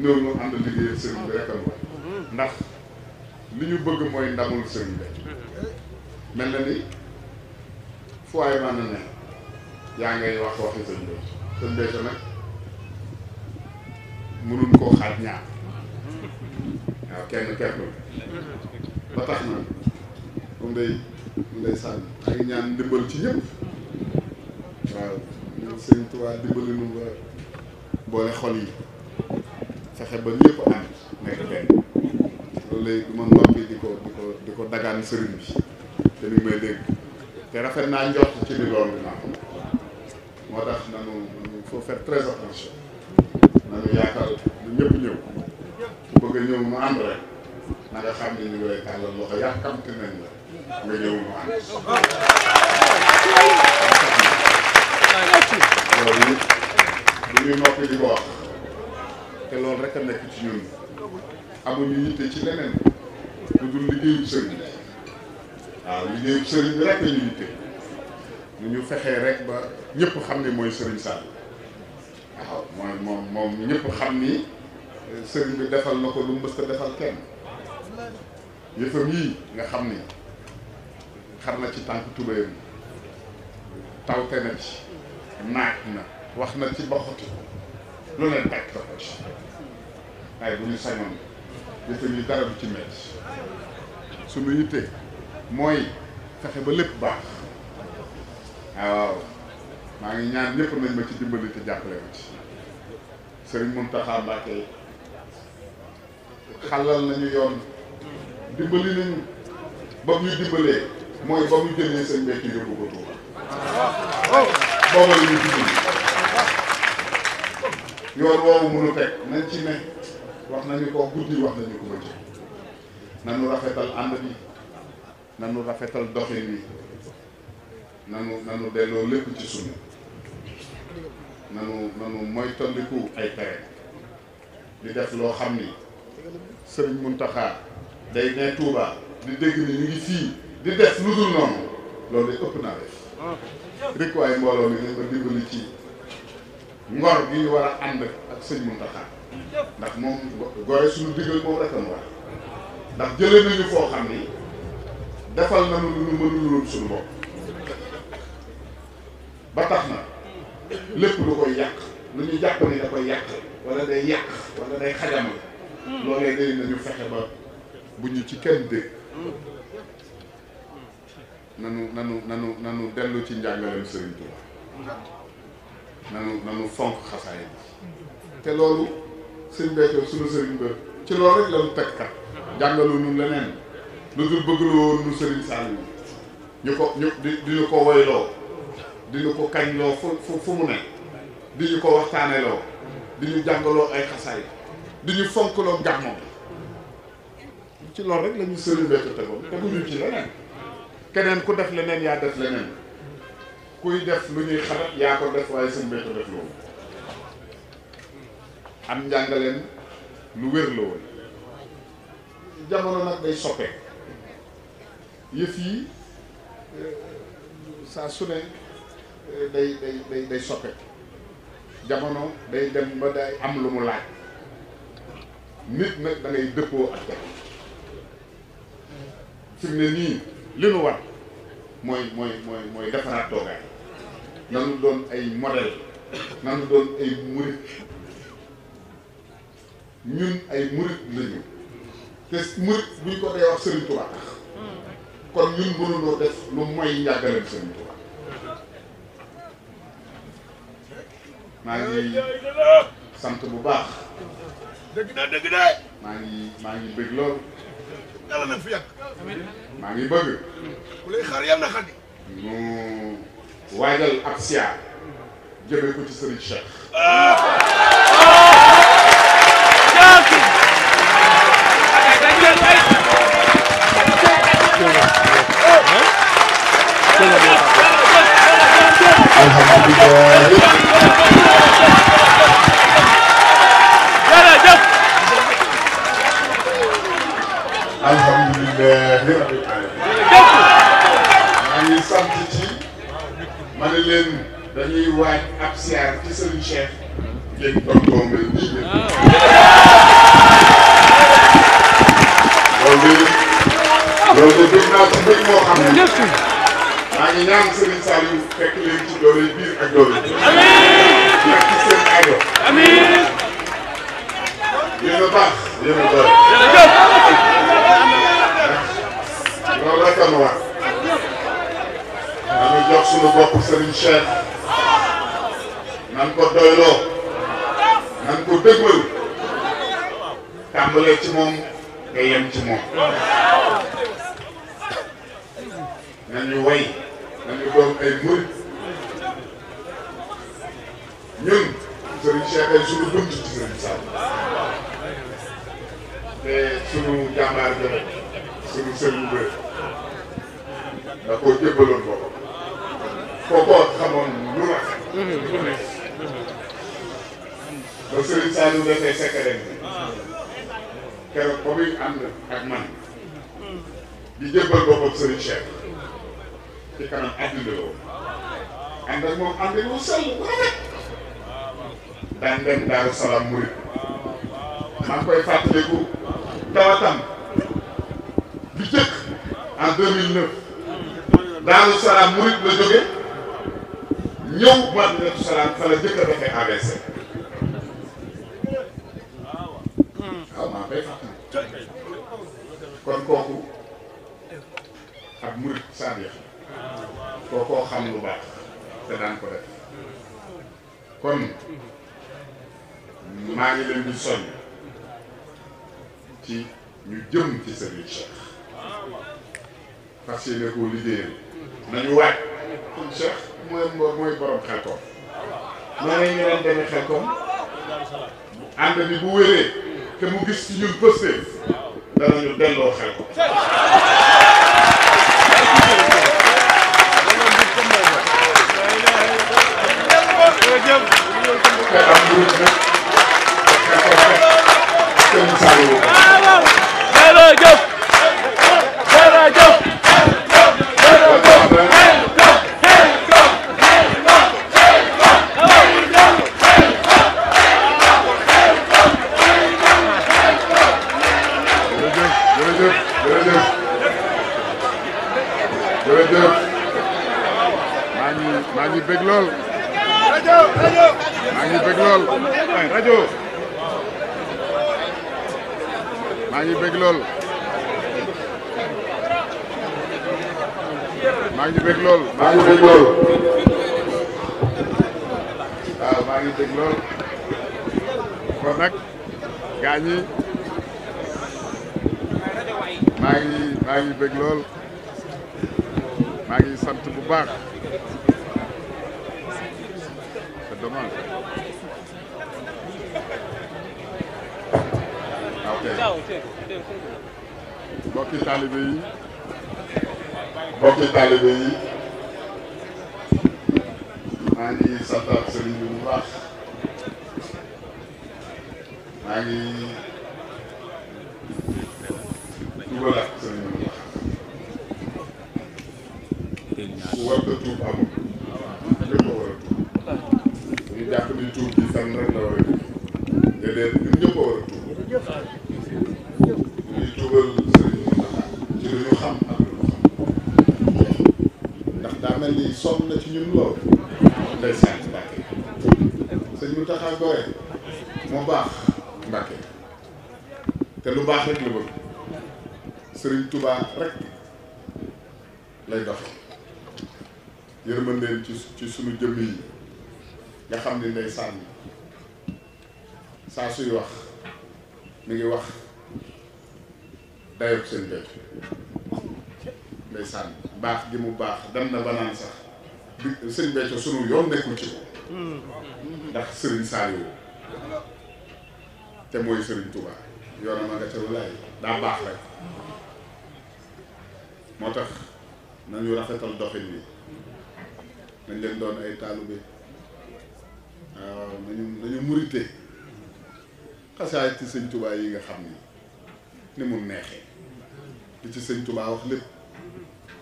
ñëw ñu ànd liggéeyal sëriñ bi rek mm-hmm. ndax li ñu bëgg mooy ndamul sëriñ bi mm-hmm. mel na ni fu waay mën na yaa ngay wax waxi sëñ bi sëñ bi nag mënuñ koo xaaj ñaar mm-hmm. waaw kenn kenn ba tax na moom day day sànni ak ñaan ndimbal ci ñëpp waaw ñun sëñ Tuubaa dimbali ba boole xol yi. fexe ba lépp ànd nekk benn loolu du ma noppi di ko di ko dagaan sëriñ bi te ni may dégg te rafet naa njort ci ni loolu dinaa ko moo tax nanu nanu faut faire très attention nanu yaakaar ñu ñëpp ñëw ku bëgg a ñëw mu ànd rek na nga xam ne ñu ngi lay tàllal loxo yàkkamti nañ la nga ñëw mu ànd loolu bu ñuy noppi di ko wax te loolu rek a nekk ci ñun amuñu yitte ci leneen lu dul liggéeyu sëriñ bi waaw liggéeyu sëriñ bi rek la ñu yitte nu ñu fexee rek ba ñépp xam ne mooy sëriñ Sall waaw mooy moom moom ñëpp xam ni eh, sëriñ bi defal na ko lu mu mës a defal kenn yëfam yii nga xam ni xar na ci tànk tubéyam tawte na ci naaj na wax na ci ba xoti lu leen teg topp ci waaye bu ñu sañoon defe ñu dara du ci metti suñu yitte mooy fexe ba lépp baax waaw maa ngi ñaan ñëpp nañ ma ci dimbali te jàppale ma ci Sëriñ Muntaxa Mbàkke xalal nañu yoon dimbali nañu ba mu dimbalee mooy ba mu jëlee seen mbéy yóbbu ko Tuuba booba la ñu dimbali yoon woowu mënu teg nañ ci ne wax nañu ko guddi wax nañu ko bëccëg nanu rafetal ànd bi nanu rafetal doxin bi nanu nanu delloo lépp ci sunu nanu nanu moytandiku ay tere di def loo xam ni sëriñ Muntaxa day ne Touba di dégg ni ñu ngi fii di def lu dul noonu loolu de ëpp naa def ah. rek waaye mbooloo mi nañ ko dimbali ci ngor gi ñu war a ànd ak sëñ Muntaxa ndax moom gore suñu digal moom rek la mu war ndax jëlee nañu foo xam ni defal nañu lu ñu mënul woon suñu bopp ba tax na lépp lu koy yàq lu ñu jàpp ni da koy yàq wala day yàq wala day xajamal loolee day nañu fexe ba bu ñu ci kenn dégg nanu nanu nanu nanu dellu ci njàngaleem Sëriñ Tuubaa nanu nanu fonk xasaay bi te loolu sëñ Béthio sunu sëriñ ba ci loolu rek la ñu teg kat jàngaloo nun leneen lu dul bëggloo nu sëriñ Saliou ñu ko ñu di diñu ko woyloo diñu ko kañloo fu fu mu ne di ñu ko waxtaaneloo di ñu jàngaloo ay xasaay di ñu fonkloo gàmmoom ci loolu rek la ñu sëriñ Béthio tegoon teguñu ci leneen keneen ku def leneen yaa def leneen kuy def lu ñuy xarat yaa ko def waaye sëñ bee ko def loolu am njàngaleen lu wér la woon jamono nag day soppee yëf yi eh, saa su ne eh, day day day day jamono day dem ba day am lu mu laaj nit nag da ngay ak jamono fi nii li nu war mooy mooy mooy mooy defaraat toogaay nanu doon ay modèle nanu doon ay murit ñun ay murit lañu te murit buñ ko dee wax Serigne Touba tax kon ñun mënuloo def lu mooy njàggaleen Serigne Touba maa sant bu baax dëgg na dëgg na maa ngi maa ngi bëgg lool. yàlla na fi yàgg. maa ngi bëgg. ku lay xaar yàlla na xadi. mu waajal ab siyaar. jëmee ko ci Serigne Cheikh. الحمد لله alhamdulilahi rabbil alamin maa ngi sant ci ma ne leen dañuy waaj ab siyaar ci sëriñ Cheikh ngeen tontoo mel nii ngeen loolu de loolu de bëgg naa ci bëgg moo maa ngi ñaan sëriñ Saliou fekk leen ci doole biir ak doole nekk ci seen aajo yéen a baax yéen a baax suñu bopp Serigne Cheikh nan ko doyloo nan ko déglu tàmbalee ci moom nga yem ci moom nañu way nañu doon ay murit ñun Serigne Cheikh ay suñu bunt ci Serigne Sall te suñu jàmbaar jëf suñu sëriñ bi da koo jébbaloon boppam kookoo xamoon lu ma lu nekk ba Serigne Saliou defee secret bi keroog ba muy ànd ak man di jëbbal boppam Serigne Cheikh ci kanam àddina la woon ànd ak moom ànd wu sell bu rafet daan dem Daaru Salaam Murit maa ngi koy fàttaliku tawatam bi jëkk en 2009 Daaru Salaam Murit la jóge ñëw Madinatu Salaam fa la jëkk a defee AVC ah, hmm. ah, waaw maa koy kon kooku ak murit saadix kookoo xam lu baax te daan ko def kon maa ngi leen soññ ci ñu jëm ci Serigne Cheikh fas yéene koo liggéeyal nañu waaj kon Cheikh mooy mooy borom xelkom nee nañ ñu leen demee xelkom ànd bi bu wéree te mu gis ci ñun pëste danañu delloo xelkom te am luut nag xelkom fekk kenn sàlluwu ko jërëjëf ngi bëgg lool maa ngi bëgg lool waaw maa ngi bëgg lool kon nag gaa ñi maa ngi maa ngi bëgg sant bu baax c'est yi mbokki taalibe yi maa ngi santaat sëriñ bi bu baax maa ngi dugalaat sëriñ bi bu baax ku war a tuub amul Tuubaa rek lay dox yërmandeen ci ci sunu jëmm yi nga xam ni sànni saa suy wax mi ngi wax dayob seen béy ndeysaan baax gi mu baax dem na banaan sax bi sëñ Béthio sunu yoon nekkul ci ndax sëriñ Saliou te mooy sëriñ Touba yoonam a nga ca walaay daa baax rek moo tax nañu rafetal doxin bi nañ leen doon ay taalube waaw nañu nañu murite xasaay ci sëñ tubaa yi nga xam ni ni mu neexee di ci sëñ tubaa wax lépp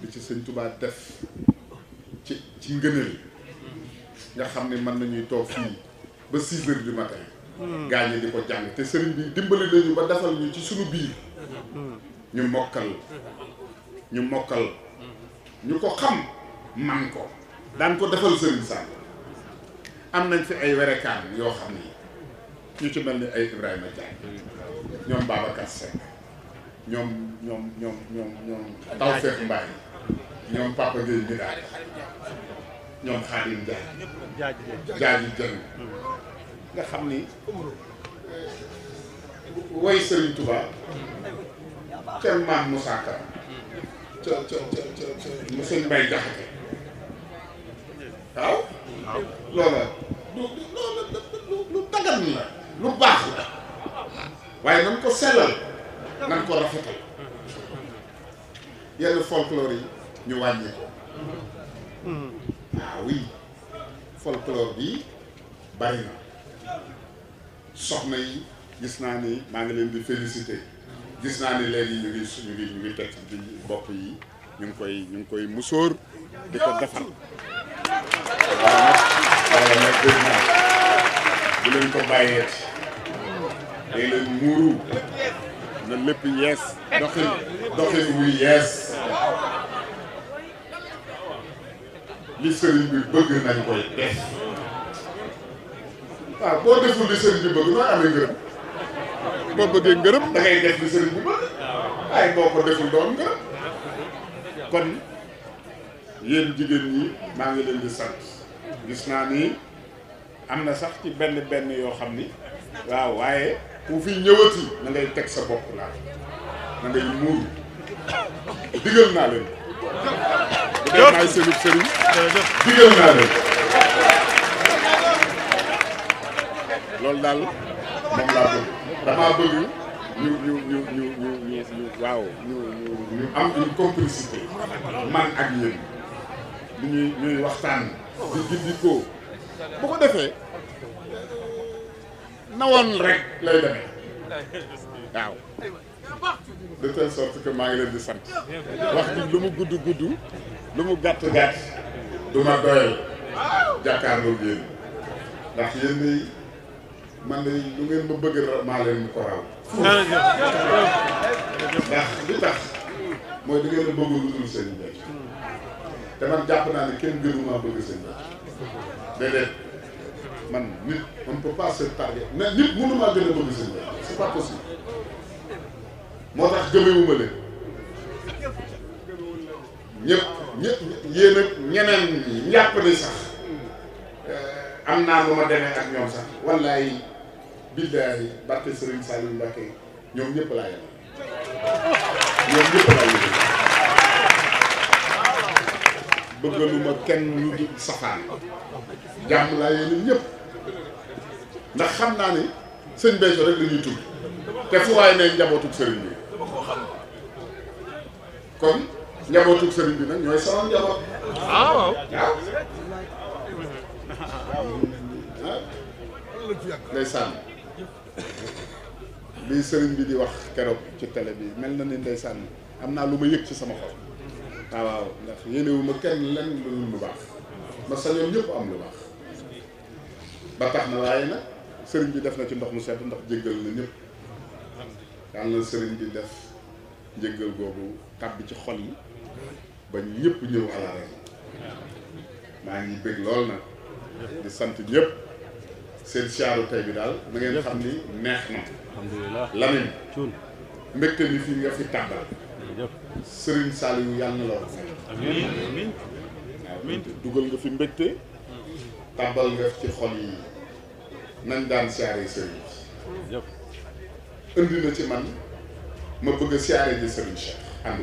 li ci sëñ tubaa def ci ci ngëneel nga xam ne mën nañuy toog fii ba six heures du matin hmm. gaa ñi di ko jàng te sëriñ bi dimbali nañu ba defal ñu ci suñu biir hmm. ñu mokkal hmm. ñu mokkal ñu ko xam man ko daan ko defal sëriñ Sall am nañ fi ay werekaan yoo xam ni ñu ci mel ni ay Ibrahima Diagne ñoom Babacar Seck ñoom ñoom ñoom ñoom ñoom Tawfekh Mbaye ñoom Papa Gueye Mbiraay ñoom Khadim Ndiaye jaaji jëng nga xam ni way sëriñ Touba kenn maam Moussa Ka ca ca ca mu sëñ Jaxate waaw loola lu lu dagan la lu baax la waaye nan ko sellal nan ko rafetal yenn folklore yi ñu wàññi waaw oui folklore bi bari na soxna yi gis naa ni maa ngi leen di félicité gis naa ni léegi ñu ngi ñu ngi ñu ngi teg di bopp yi ñu ngi koy ñu ngi koy musóor di ko defar waaw nag nag bu leen ko bàyyeeti day leen muuru na lépp yees doxin doxin wuy yees li sëriñ bi bëgg nañ koy def waaw boo deful li sëriñ bi bëgg nooy amee ngërëm boo bëggee ngërëm da ngay def li sëriñ bu bëgg waaye boo ko deful doon ngërëm kon yéen jigéen ñi maa ngi leen di sant gis naa ni am na sax ci benn benn yoo xam ni waaw waaye ku fi ñëwati na ngay teg sa bopp laa na muur digal naa leen loolu daal moom laa bëgg damaa bëgg ñu ñu ñu ñu ñu ñu ñu waaw ñu ñu ñu am une complicité man ak yéen ñu ñuy ñuy waxtaan di gindikoo bu ko defee nawoon rek lay demee waaw de telle sorte que maa ngi leen di sant wax ji lu mu gudd gudd lu mu gàtt gàtt du doyal jàkkaarloo yéen ndax yéen man de lu ngeen ma bëgg maa leen ko raw. ndax li tax mooy da ngeen a bëgg lu dul sëñ bi te man jàpp naa ne kenn gënu maa bëgg sëñ bi déedéet man nit on ne peut pas se nit mënu gën a bëgg sëñ bi c'est pas possible moo tax gëmewuma leen ñëpp ñëpp yéen ñeneen ñi ñàpp sax. am naa nu ma demee ak ñoom sax wallaay billaahi barke Serigne Saliou Mbacke ñoom ñëpp laa yem ñoom ñëpp laa yem bëggaluma kenn lu dul safaan jàmm laa yéen ñëpp ndax xam naa ni sëñ Béthio rek la ñuy te fu waay ne njabootug sëriñ bi nag ñooy sama njaboot ah, waaw ah ndeysaan lii sëriñ bi di wax keroog ci télé bi mel na ni ndeysaan am naa lu ma yëg ci sama xol ah, waaw ndax yéenewu ma kenn lenn lu baax ma sañoon yépp am lu baax ba tax na waaye nag sëriñ bi def na ci ndox mu sedd ndax jéggal na ñëpp yàlla na sëriñ bi def njéggal googu tàbbi ci xol yi ba ñëpp ñëw alaare maa ngi bëgg lool nag di sant ñëpp seen siyaaru tey bi daal na ngeen xam ni neex na alhamdulilah Lamine mbégte fii nga fi tàbbal Serigne Saliou yàlla na la wax dugal nga fi mbégte tàbbal nga ci xol yi nañ daan siyaare Serigne indi na ci man ma bëgg a siyaare ji Serigne Cheikh ànd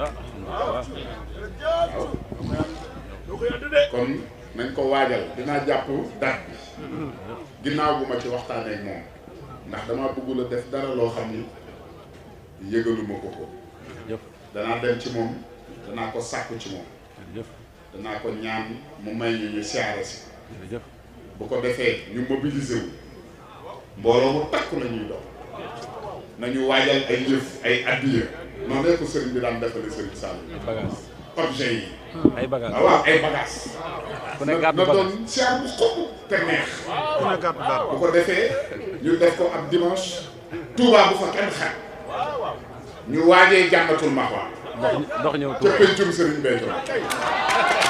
ah, waaw kon nañ ko waajal dinaa jàpp date bi ginnaaw bu ma ci waxtaanee ak moom ndax damaa bëggul a def dara loo xam ni yëgaluma ko ko danaa dem ci moom danaa ko sàkku ci moom danaa ko ñaan mu may ñu ñu siyaare si bu ko defee ñu mobiliser mbooloo mu takku la ñuy dox nañu waajal ay yëf ay addiya noonu la ko sëriñ bi daan defale sëriñ Sall. pagans yi. ay bagages ah, waaw ne gàddu bagage bu ko defee ñu def ko ab dimanche. Touba bu fa kenn xar. ñu waajee jàmmatul Mahwa. dox dox ñëw Touba ca pencum Serigne Béthio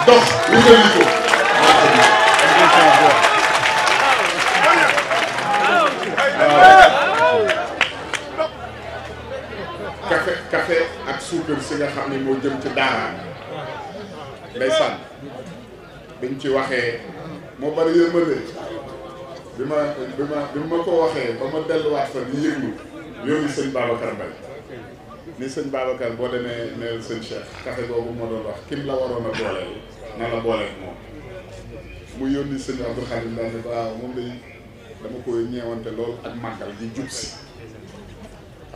dox wutali ko. café café ak suukar si nga xam ne moo jëm ci daaraan ndeysaan biñ ci waxee moo bari yërmande bi ma bi ma bi ma ko waxee ba ma delluwaat fa di yëglu yónni sëñ Babacar Mbaye ni seen Babacar boo demee neel sëñ Cheikh café boobu moo doon wax kim la waroon a booleel na la booleel moom mu yónni sëñ Abdou Khadim daal ne waaw ah, moom lañ dama koy ñeewante lool ak màggal gi jub xam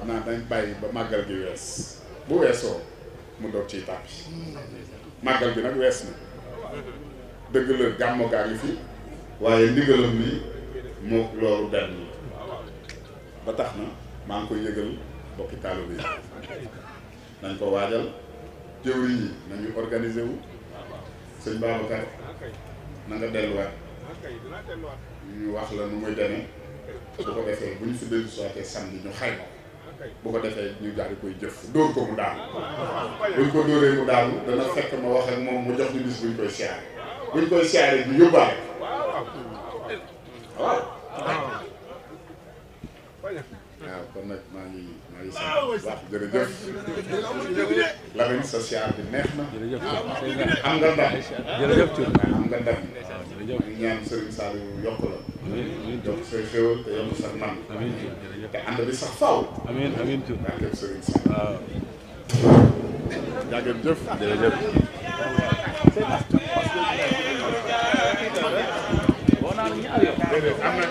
naa dañ bàyyi ba màggal gi wees bu weesoo mu doog ciy tàppi màggal bi nag wees na dëgg la gàmmu gaa ngi fi waaye ndigalam ni moo loolu benn ba tax na maa ngi koy yëgal bokki taalibe yi nañ ko waajal jëwriñ yi nañu organisé wu sëñ Babacar na nga delluwaat ñu wax la nu muy demee bu ko defee bu ñu fi dellu soitee samedi ñu xayma boo ko defee ñu daal koy jëf dóor ko mu daanu buñ ko dóoree mu daanu dana fekk ma wax mu jox ñu bis buñ koy siyaare buñ koy siyaare bi yóbbaale waaw waaw kon nag maa ngi maa ngi sant bu baax jërëjëf labin social bi neex na. Ah, am nga ndam. jërëjëf Thioune ah, am nga ndam. ñu ñaan Serigne Saliou yokk la. yokk say xéwal te yokk sa man. te ànd bi sax faaw. amiin amiin Thioune. jërëjëf Serigne Saliou. waaw. jaageen jëf jërëjëf. am na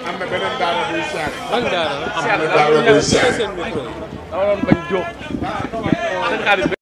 am na beneen daara buy siyaare. ban daara am na daara buy siyaare. dama doon bañ jóg.